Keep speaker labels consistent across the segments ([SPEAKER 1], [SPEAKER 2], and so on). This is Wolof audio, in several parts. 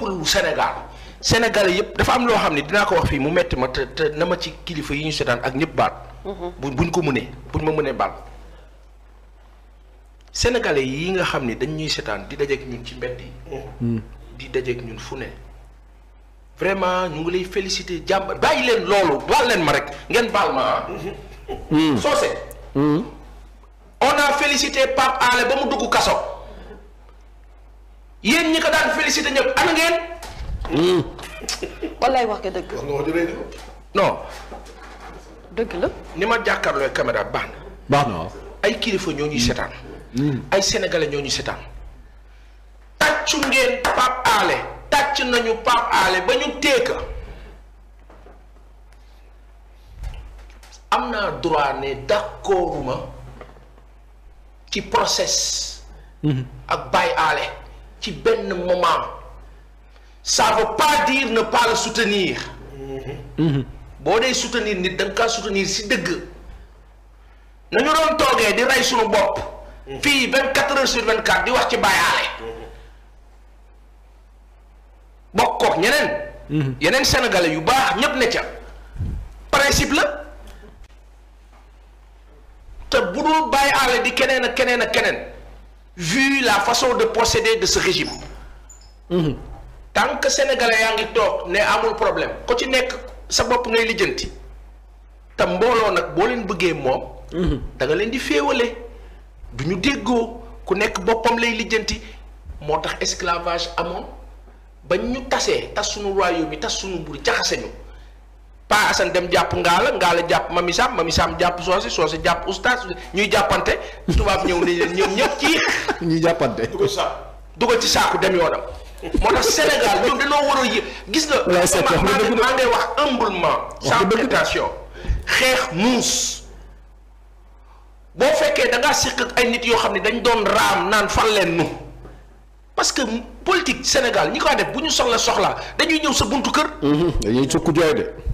[SPEAKER 1] pour Sénégal senegal yëpp dafa am loo xam ne dinaa ko wax fii mu metti ma te te na ma ci kilifa yi ñu seetaan ak ñëpp baal. Mhm. bu ñu ko mënee buñ ma mënee baal. Sénégalais yi nga xam ni dañ ñuy seetaan di dajeek ñun ci mbedd yi. Mhm. Mm. di dajeek ñun fu ne. vraiment ñu ngi lay féliciter jàmm bàyyi leen loolu baal leen ma rek ngeen baal ma mm. soose mm. on a félicité Pape Alé ba mu dugg kaso. yéen ñi ko daan félicité ñëpp ana ngeen. Hmm. wallaay wax nga dëgg. non. dëgg la. ni ma jàkkaarloo caméra baax na. ay kilifa ñoo ñuy seetaan. Hmm. Hmm. ay sénégalais ñoo ñuy seetaan. tàccu ngeen Pape Alé tàcc nañu Pape Alé ba ñu teeka am naa droit ne d'accorduma ci process. ak Baye Alé. ci ben moment ça veut pas dire ne pas le soutenir mhm. bo day soutenir nit dang ka soutenir si deug nañu doon togué di ray suñu bop mhm. fi vingt quatre heures sur vingt quatre di wax ci bàyyaale mhm. bokko ñeneen yeneen sénégalais yu baax ñep ne ca principe la te bu dul bàyyaale di kenen ak kenen ak kenen vu la façon de procéder de ce régime. Mmh. tant que sénégalais yaa ngi toog ne amul problème ku ci nekk sa bopp ngay lijjanti te mbooloo nag boo leen bëggee moom. Mhm. da nga leen di féewale du ñu déggoo ku nekk boppam lay lijjanti moo tax esclavage amoon ba ñu tasee tas sunu royaume bi tas suñu buur jaxase ñu. pa asan dem japp ngaala ngaala japp mamisam mamisam japp soosi soosi japp oustaz ñuy jappante tubaab ñew nañ ñom ñep ci ñuy jappante dugal ci saaku dem yoonam
[SPEAKER 2] moo tax Sénégal ñoom
[SPEAKER 1] dañoo war a gis nga maa ngay wax humblement sans prétention a muus boo fekkee da ngaa siq ay nit yoo xam dañ doon a naan fal leen nu parce que politique Senegal, ñi ko def bu ñu soxla soxla dañuy ñëw sa buntu kër dañuy sukk jooy de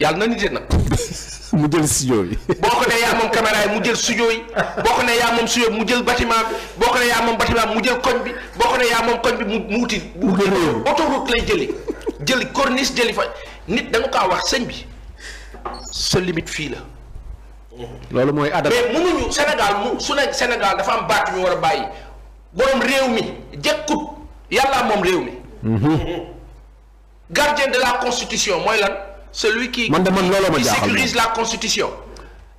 [SPEAKER 1] yàlla na nit nag. mu jël studio yi. boo ko nee yaa moom caméra mu jël studio yi boo ko nee yaa moom studio bi mu jël bâtiment boo ko nee yaa moom bâtiment mu jël koñ bi boo ko nee yaa moom koñ bi mu mu wuti. mu autoroute lay jëli jëli corniche jëli fa nit da nga kaa wax sëñ bi sa limite fii la. loolu mooy adab mais mënuñu Sénégal mu su ne Sénégal dafa am baat ñu war a bàyyi borom réew mi jëkkut yàllaa moom réew mi. Mhm. gardien de la constitution mooy lan. celui qui, qui, sécurise la Constitution.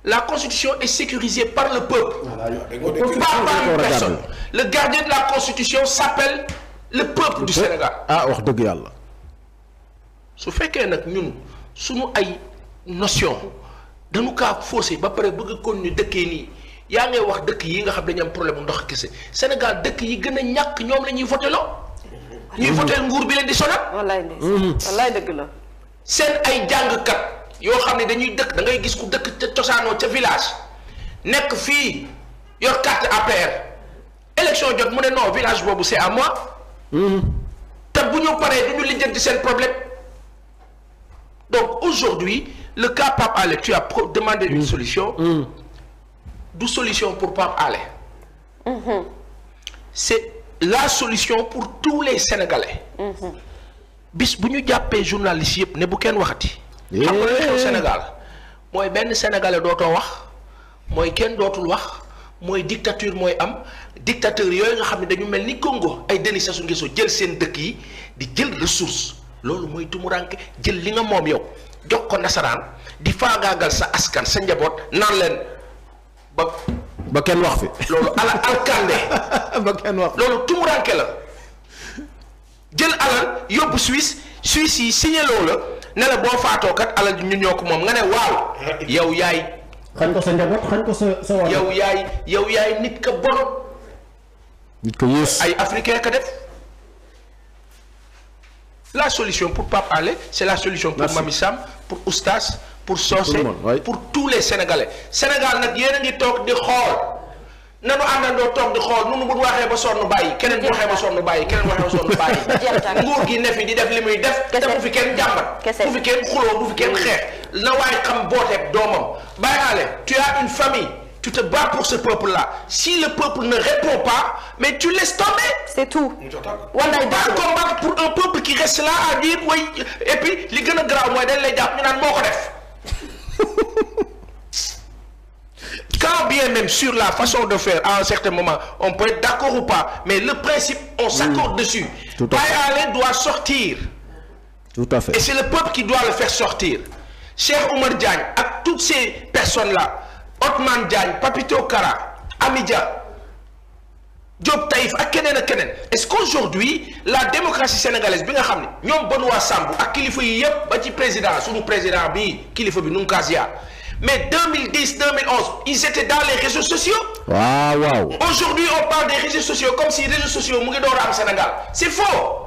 [SPEAKER 1] La Constitution est sécurisée par le peuple, ah, pas par une personne. Le gardien de la Constitution s'appelle le peuple du eh, Sénégal. ah wax dëgg yàlla. su nous avons ñun suñu ay notion dañu nous faussé ba pare bëgg kon ñu dëkkee nii yaa ngay wax dëkk yi nga xam dañu am problème ndox Sénégal dëkk yi gëna a ñom lañuy la ñuy voté loo. Mm-hmm. ñuy voté nguur bi leen di mm-hmm. la sen ay jang kat yo ne dañuy dëkk da ngay gis ku dëkk ca tosano ca village nek fi yor carte APR élection jot mu ne non village boobu c'est à moi hmm. te ta buñu paré du ñu lijjanti problème donc aujourd'hui le cas Pape Alé tu as demandé une hmm. solution hmm. du solution pour Pape Alé c'est la solution pour tous les Sénégalais bis buñu jappé journaliste yépp né bu kenn waxati. Eh. xam Sénégal moy benn sénégalais doto wax moy kenn dotul wax moy dictature moy am dictateur yoy nga xamni dañu melni Congo ay Denis Sassou Nguesso jël sen dëkk yi di jël ressource loolu mooy tumuranke jël li nga mom yow jox ko nasaran di faagaagal sa askan sa njabot nan len ba. ba kenn wax fi. lolu ala alkande. ba kenn wax loolu tumuranke la. jël alal yóbbu Suisse Suisse yi signé loo la ne boo faatoo kat alal ñun ñoo ko moom nga ne waaw. yow yaay. xañ ko sa njaboot xañ ko sa sa wàll. yow yaay yow yaay nit ka bon. nit ka yées ay africain ka def. la solution pour Pape Alé c'est la solution. pour Mami Sam pour Oustas pour Socé pour tous les Sénégalais. Sénégal nag yéen a ngi toog di xool. nanu tu as une famille tu te bats pour ce peuple là si le peuple ne répond pas mais tu laisses tomber c'est tout combattre pour un peuple qui reste là à dire et puis li a dañ lay bien même sur la façon de faire, à un certain moment, on peut être d'accord ou pas, mais le principe, on s'accorde dessus. doit sortir. Tout à fait. Et c'est le peuple qui doit le faire sortir. Cher Omar Diagne, à toutes ces personnes-là, Otman Diagne, Papito Kara, Amidia, Job Taïf, à Kenen, à Kenen. Est-ce qu'aujourd'hui, la démocratie sénégalaise, bien sûr, nous avons Benoît Sambou, à Kilifou Yep, petit président, sous le président, nous casia. Mais 2010, 2011, ils étaient dans les réseaux sociaux. Wow, Aujourd'hui, on parle des réseaux sociaux comme si les réseaux sociaux mouraient dans Sénégal. C'est faux.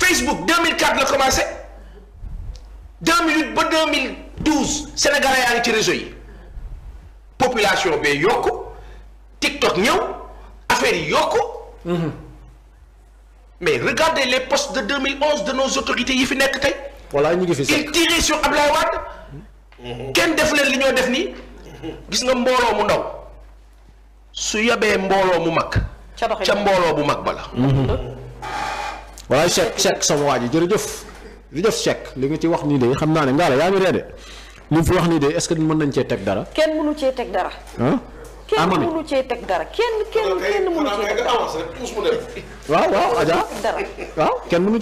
[SPEAKER 1] Facebook, 2004, a commencé. 2008 2012 sénégalais a été ci réseau population bee yokku TikTok Nio, affaire yi -hmm. mais regardez les postes de 2011 de nos autorités voilà ils tiraient sur Ablaouad. kenn def leen li ñoo def nii gis nga mbooloo mu ndaw su yabee mbooloo mu mag ca mbooloo bu mag bala mhm. waaye Cheikh Cheikh sama waa ji jërëjëf jërëjëf Cheikh li nga ci wax nii de xam naa ne ngaa la mu fi wax de est-ce que mën nañ cee teg dara kenn mënu cee cee teg dara kenn waaw waaw waaw kenn mënu